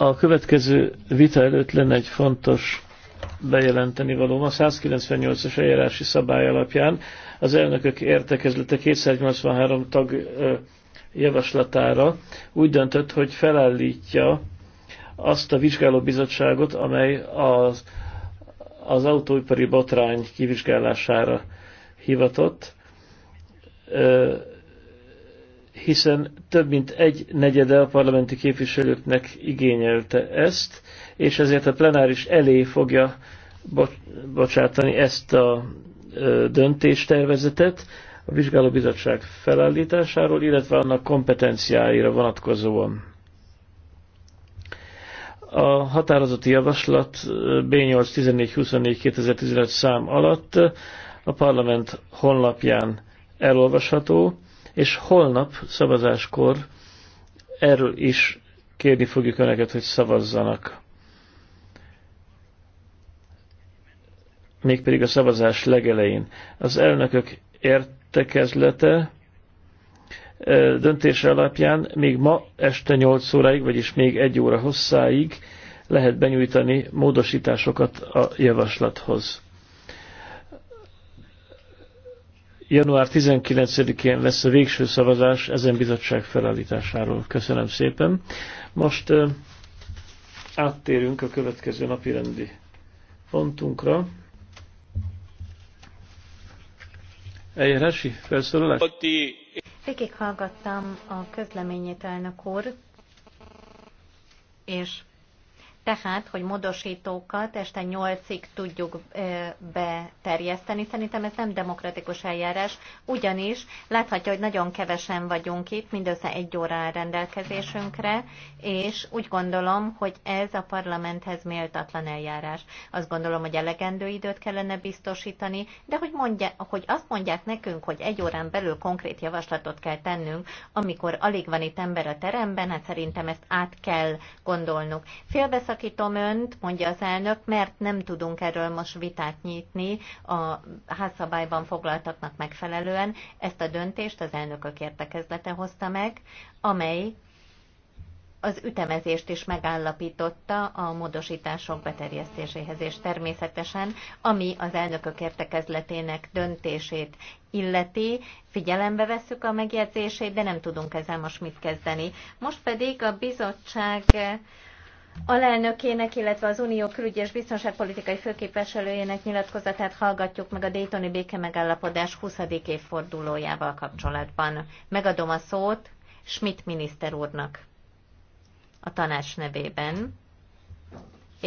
A következő vita előtt lenne egy fontos bejelenteni való. A 198-as eljárási szabály alapján az elnökök értekezlete 283 tag javaslatára úgy döntött, hogy felállítja azt a vizsgálóbizottságot, amely az, az autóipari botrány kivizsgálására hivatott hiszen több mint egy negyede a parlamenti képviselőknek igényelte ezt, és ezért a plenáris elé fogja bocsátani ezt a döntéstervezetet a vizsgálóbizottság felállításáról, illetve annak kompetenciáira vonatkozóan. A határozati javaslat b 8 2015 szám alatt a parlament honlapján elolvasható, és holnap szavazáskor erről is kérni fogjuk Önöket, hogy szavazzanak. Mégpedig a szavazás legelején. Az elnökök értekezlete döntése alapján még ma este 8 óráig, vagyis még egy óra hosszáig lehet benyújtani módosításokat a javaslathoz. január 19-én lesz a végső szavazás ezen bizottság felállításáról. Köszönöm szépen. Most áttérünk a következő napi rendi pontunkra. Eljárási felszólalás? Végig hallgattam a közleményét, elnök úr, és tehát, hogy módosítókat este 8-ig tudjuk beterjeszteni. Szerintem ez nem demokratikus eljárás, ugyanis láthatja, hogy nagyon kevesen vagyunk itt, mindössze egy óra rendelkezésünkre, és úgy gondolom, hogy ez a parlamenthez méltatlan eljárás. Azt gondolom, hogy elegendő időt kellene biztosítani, de hogy, mondja, hogy azt mondják nekünk, hogy egy órán belül konkrét javaslatot kell tennünk, amikor alig van itt ember a teremben, hát szerintem ezt át kell gondolnunk. Félbesz leszakítom önt, mondja az elnök, mert nem tudunk erről most vitát nyitni a házszabályban foglaltaknak megfelelően. Ezt a döntést az elnökök értekezlete hozta meg, amely az ütemezést is megállapította a módosítások beterjesztéséhez, és természetesen, ami az elnökök értekezletének döntését illeti, figyelembe vesszük a megjegyzését, de nem tudunk ezzel most mit kezdeni. Most pedig a bizottság alelnökének, illetve az Unió külügyi és biztonságpolitikai főképviselőjének nyilatkozatát hallgatjuk meg a Daytoni béke megállapodás 20. évfordulójával kapcsolatban. Megadom a szót Schmidt miniszter úrnak a tanács nevében.